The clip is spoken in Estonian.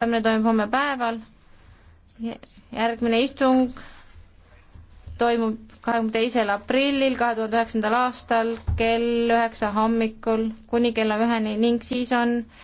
hääletamine toimub homme päeval. järgmine istung toimub kahekümne teisel aprillil kahe tuhande üheksandal aastal kell üheksa hommikul kuni kella üheni ning siis on